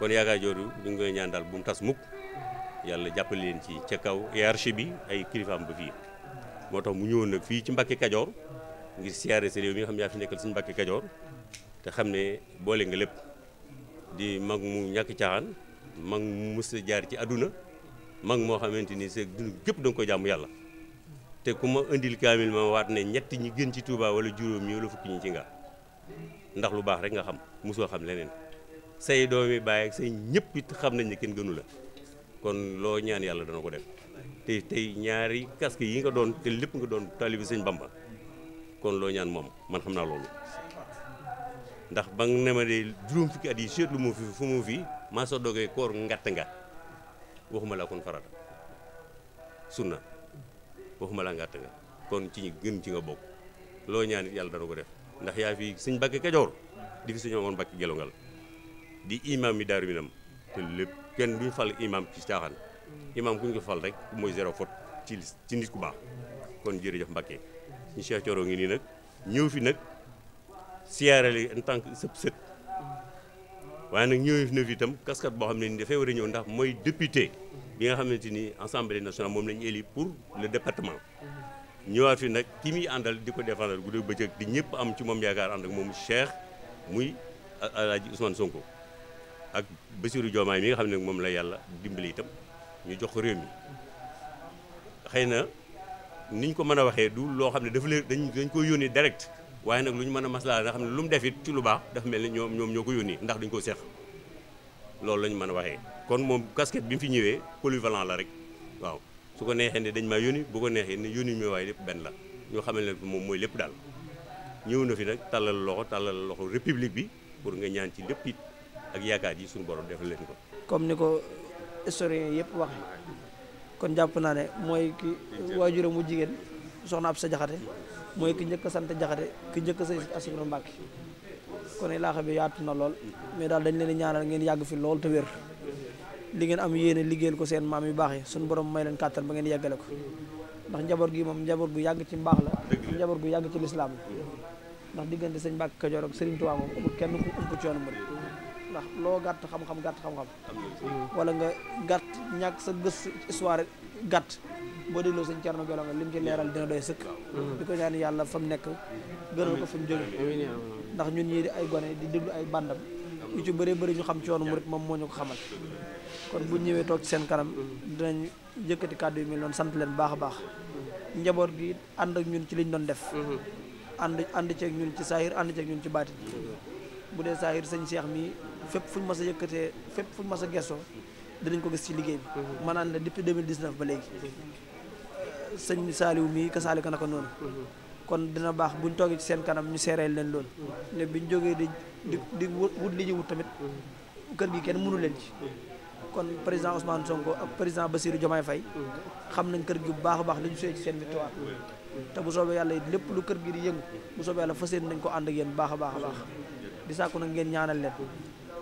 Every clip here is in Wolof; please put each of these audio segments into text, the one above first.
kon yaakaar jooju ñu ngi koy ñaan daal bu mu tas mukk yàlla jàppale leen ci ca kaw hiérarchie bi ay kilifaam ba fii moo tax mu ñëwoon nag fii ci Mbàkke Kajoor ngir siyaare sa réew mi xam ne yaa fi nekkal suñu Mbàkke Kajoor te xam ne boole nga lépp di mag mu ñàkk caaxaan mag mu mës a jaar ci àdduna mag moo xamante ni sa dund gépp da nga ko jàmm yàlla te ku ma indil kaamil ma waat ne ñett ñi gën ci Touba wala juróom ñi wala fukki ñi ci nga ndax lu baax rek nga xam mosoo xam leneen say doomi bàyyi ak say ñëpp it xam nañ ne kenn gënu la kon loo ñaan yàlla dana ko def te tey ñaari casque yi nga doon te lépp nga doon taalibi sëñ Bamba kon loo ñaan moom man xam naa loolu ndax ba nga ne ma de juróom fukki at yi seetlu mu fi fu mu fi maa soo doogee koor ngatt nga waxuma laa kon farata sunna waxuma laa ngatt nga kon ci ñi gën ci nga bokk loo ñaan it yàlla dana ko def ndax yaa fi sëñ Mbàkke Kajoor di fi suñu amoon Mbàkke Gelongal di imam yi daaru minam te lépp kenn duñ fal imam ci caaxaan imam kuñ ko fal rek mooy zéro faute ci ci nit ku baax kon jërëjëf Mbacke ñu Cheikh Thioro ngi nii nag ñëw fi nag siyaare li en tant que sëb sët waaye nag ñëw fi itam kaskat boo xam ne ni dafay war a ñëw ndax mooy député bi nga xamante ni assemblée nationale moom lañu éli pour le département ñëwaat fi nag ki muy àndal di ko défendal guddi bëccëg di ñëpp am ci moom yaakaar ànd ak moom Cheikh muy Alaaji Ousmane Sonko ak Bassirou Diomaye mi nga xam ne moom la yàlla dimbali itam ñu jox ko réew mi xëy na niñ ko mën a waxee du loo xam ne dafa leen dañ dañ ko yónnee direct waaye nag lu ñu mën a maslaa nga xam ne lu mu def it ci lu baax dafa mel ni ñoom ñoom ñoo ko yónnee ndax dañ ko seq loolu lañ mën a waxee kon moom casquette bi mu fi ñëwee polyvalent la rek waaw su ko neexee ne dañ maa yónni bu ko neexee ne yónni ñu waaye lépp benn la ñoo xamal ne moom mooy lépp daal ñëw na fi nag tàllal loxo tàllal loxo république bi pour nga ñaan ci lépp it ak yaakaar yi suñu borom defal leen ko. comme ni ko historien yëpp waxee kon jàpp naa ne mooy ki waajuram mu jigéen soxna ab sa jaxate mooy ki njëkk a sant jaxate ki njëkk a sëy Assibirou Mbacke kon laaxa bi yaatu na lool mais daal dañ leen ñaanal ngeen yàgg fi lool te wér li ngeen am yéene liggéeyal ko seen maam yu baax yi suñu borom may leen kàttan ba ngeen yeggale ko ndax njaboot gi moom njaboot gu yàgg ci mbaax la njaboot gu yàgg ci lislaam la ndax diggante sëñ Mbacke Kajoor ak Sëriñ Tuubaa moom kenn ku ëmp coono mbir ndax loo gàtt xam-xam gàtt xam-xam mm. wala nga gàtt ñàkk sa gëstu histoire gàtt boo dégloo sëñ Thierno Jolo nga lim ci leeral dina doy sëkk di ko ñaan yàlla fa mu nekk gënal ko fi mu jóge ndax ñun ñii di ay gone di déglu ay bandam yu ci bëree bëri ñu xam ci yoonu murit moom moo ñu ko xamal kon bu ñëwee toog ci seen kanam mm. dinañ yëkkati kàddu yu mel noonu sant leen baax a baax mm. njaboot gi ànd ak ñun ci liñ doon def mm-hmm. ànd ànd ceeg ñun ci saahir ànd ceeg ñun ci baatin mm-hmm. bu dee saahir sëñ fépp fuñ mas a yëkkatee fépp fuñ mas a gestoo dinañ ko gis ci liggéey bi mhm. ma naan la depuis 2019 ba léegi mhm. sëñ Saliou mii ka Saliou ka naka noonu mhm. kon dina baax bu buñ toogee ci seen kanam ñu seereel leen loolu ne ñu jógee di di di wut li ñu wut tamit kër gi kenn mënu leen ci kon président Ousmane Sonko ak président Bassirou Diomaye fay xam nañ kër gi bu baax a baax li ñu suyee ci seen victoire te bu soobee yàlla lépp lu kër gi di yëngu bu soobee yàlla fas yéene nañ ko ànd ak yéen baax a baax a di sàkku nag ngeen ñaanal leen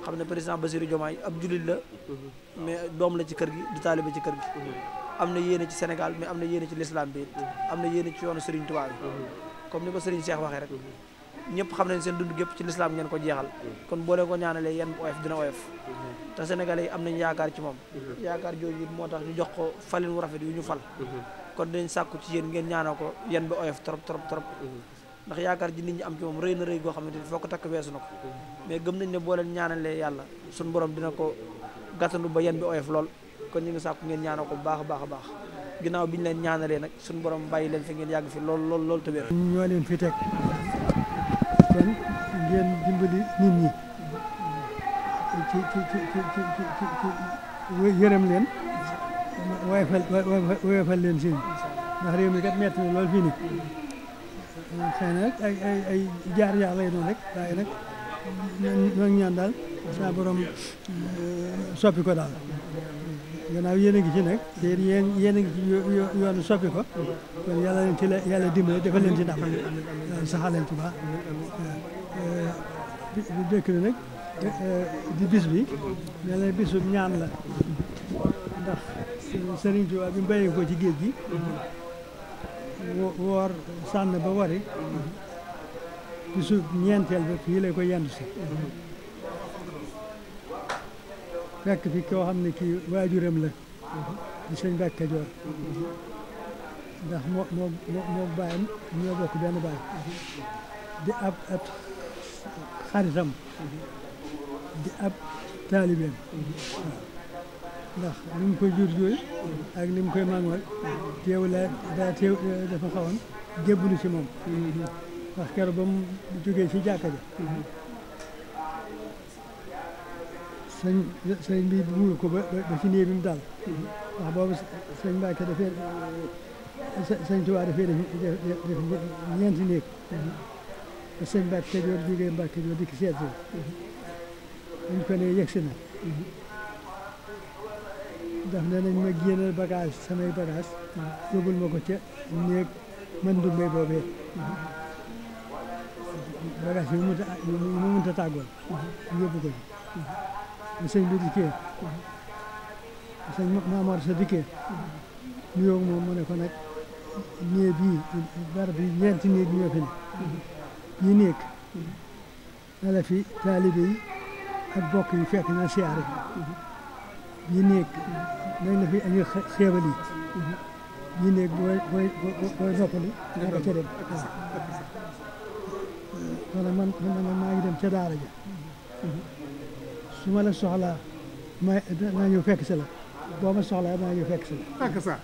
xam ne président Bassirou Diomaye ab jullit la mais doom la ci kër gi du taalibe ci kër gi am na yéene ci Sénégal mais am na yéene ci l'islam bi am na yéene ci yoonu Serigne Touba bi comme ni ko Serigne Cheikh waxee rek ñëpp xam nañ seen dund gépp ci l'islam ngeen ko jeexal kon boo leen ko ñaanalee yenn oyof dina oyof te sénégalais yi am nañ yaakaar ci moom yaakaar jooju it moo tax ñu jox ko falin wu rafet yu ñu fal kon dañ sàkku ci yéen ngeen ñaanal ko yenn bi oyof trop trop trop ndax yaakaar ji nit ñi am ci moom rëy na rëy goo xamante ni foo ko takk weesu na ko mais gëm nañ ne boo leen ñaanalee yàlla suñu borom dina ko gàttandu ba yen bi oyof lool kon ñu ngi sàkku ngeen ñaanal ko baax baax baax ginnaaw bi ñu leen ñaanalee nag suñu borom bàyyi leen fi ngeen yàgg fi lool lool lool te wér ñoo leen fi teg kon ngeen dimbali nit ñi ci ci ci ci ci yërëm leen woyofal woyofal leen seen ndax réew mi kat metti na lool fii nii xëy na ay ay jaar yaa lay doon rek waaye nag ñoo ngi ñaan daal saa borom euh, soppi ko daal gannaaw yéen a ngi ci nag te yéen yéen a ngi ci yoonu soppi ko kon yàlla leen ci la yàlla dimbale dafa leen ci ndam saxal leen ci baax euh, euh, bi dëkk bi nag di bis bi mel ñaan la ndax Sëriñ Tuubaa bi mu bàyyi ko ci géej gi woor sànn ba wari bisu ñeenteel ba fii lay ko yendu si fekk fi koo xam ne kii waajuram la di sëñ Mbàkke Kajoor ndax moo moo moo bàyyam ñoo bokk benn bàyyi di ab ab xaritam di ab taalibeem ndax ni mu koy jur jur ak ni mu koy màngool teew la daa teew dafa xawoon jébbalu ci moom ndax keroog ba mu jógee ci jàkka ja sëñ bi muur ko ba ci néeg mu dal ndax ba sëñ Mbàkke dafee sëñ Tuubaa dafee def ñeenti néeg ba sëñ Mbàkke Kajoor jógee Mbàkke Kajoor dikk seet si dañ ko ne yegsi daf ne nañ ma génneel bagage samay bagage yóbbul ma ko ca néeg man dumbay boobee bagage yu mu mënta tàggoon yóbbu ko ci sëñ bi dikkee sëñ Maamar sa dikkee nuyoo moom mu ne ko nag néeg bii barab bi ñeenti néeg ñoo fi ne yi néeg na la fi taalibe yi ak bokk yi fekk na siyaare ñi néeg nañ la fi añu xéewal yi ñi néeg booy booy booy maa ngi dem ca daara ja su ma la soxlaa ma naa ñëw soxla si la boo ma soxlaa maa ñëw fekk si la ak sa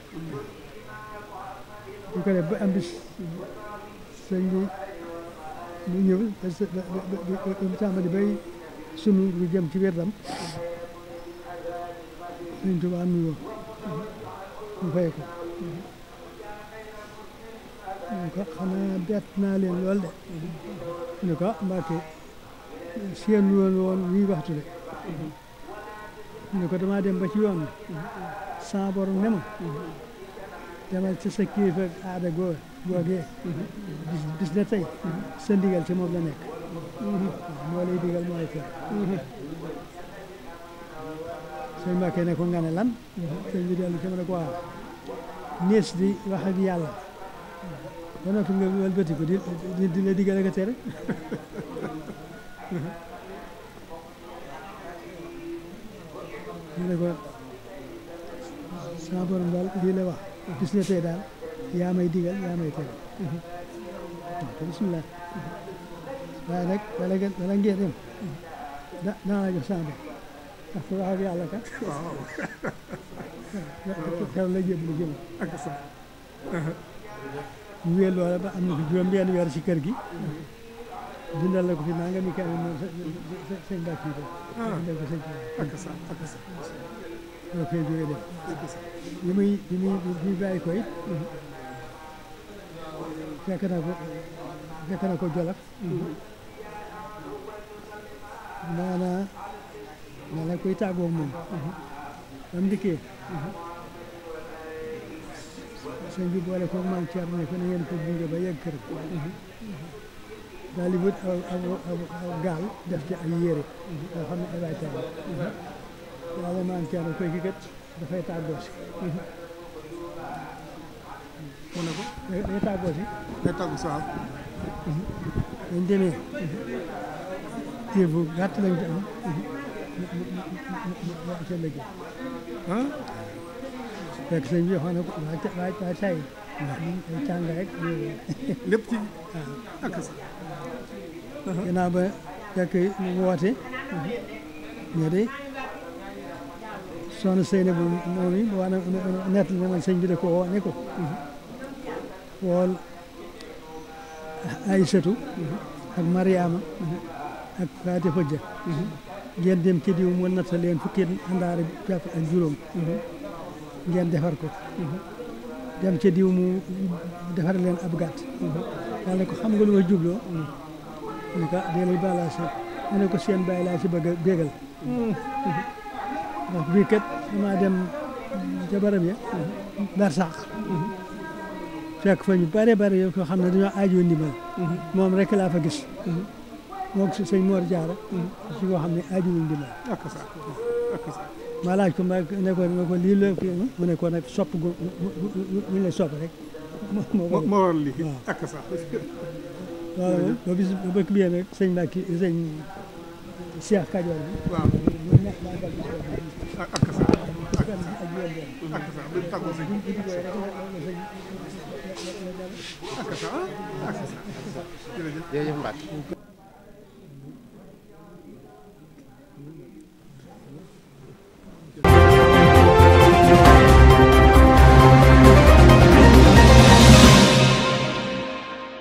bu ko def ba am bis sëñ bi mu ñëw Sëriñ Tuubaa nuyoo mu fay ko ñu ko xanaa bett naa leen lool de ñu ko ah, Mbàkke seen woon woon wii waxtu de ñu ko damaa dem ci yoon bi sans borom ne ma demal ci sa kilifa aada goo googee bis bis na tey sa ci moom la nekk moo lay digal mooy fer sëñ Mbàkke ne ko nga ne lan sëñ bi dellu ci mu ne ko waaw nees di wax ak yàlla ba nga wëlbati ko di di la digal ak a tere mu ko sama borom daal la wax gis ne tey daal yaa may tere bismillah waaye nag bala ngeen la jox sama ndax ku wax ak yàlla kat. waaw. xel la jëm lu jëm. ak sax. ñu wéy ba am na fi juróom-benn weer ci kër gi. dundal la ko fi naa nga ni kenn moom sa sa seen ah. koy jógee mm-hmm. na ko fekk na mel na kuy tàggoo moom dam dikkee sëñ bi boole ko maam Thierno ne ko na ngeen ko gunge ba yegg kër daal di wut gaal def ci ay yére yoo xam ne ay koy ki kat dafay tàggoo si mu ne ko day tàggoo si am sa liggéey ah ne de soxna Seyna bu moom yi waa nett na man sëñ bi ko woo ko wool Aysatu ak Mariama ak Faati Hujja ngeen dem ci diw mu natta leen fukki àndaare jàpp ak juróom ngeen defar ko dem ci diw mu defar leen ab gàtt daal ne ko xam nga lu ma jubloo ne ko ah, déelay balaa si ne ko seen bay laa si bëgg a bégal ndax bii kat damaa dem ca barab ya dar sax fekk fa ñu bare bare yoo xam ne dañoo aajoo ndimbal moom rek laa fa gis moom si sëñ Mor Diarra. si xam ne aajuwul ndimbal. ak ma laaj ko ma ne ko ko mu ne ko nag sopp gu mu ne sopp rek. moo moo moo waral lii ak sa. waaw ba bis ba bëgg bien nag sëñ Kajoor bi.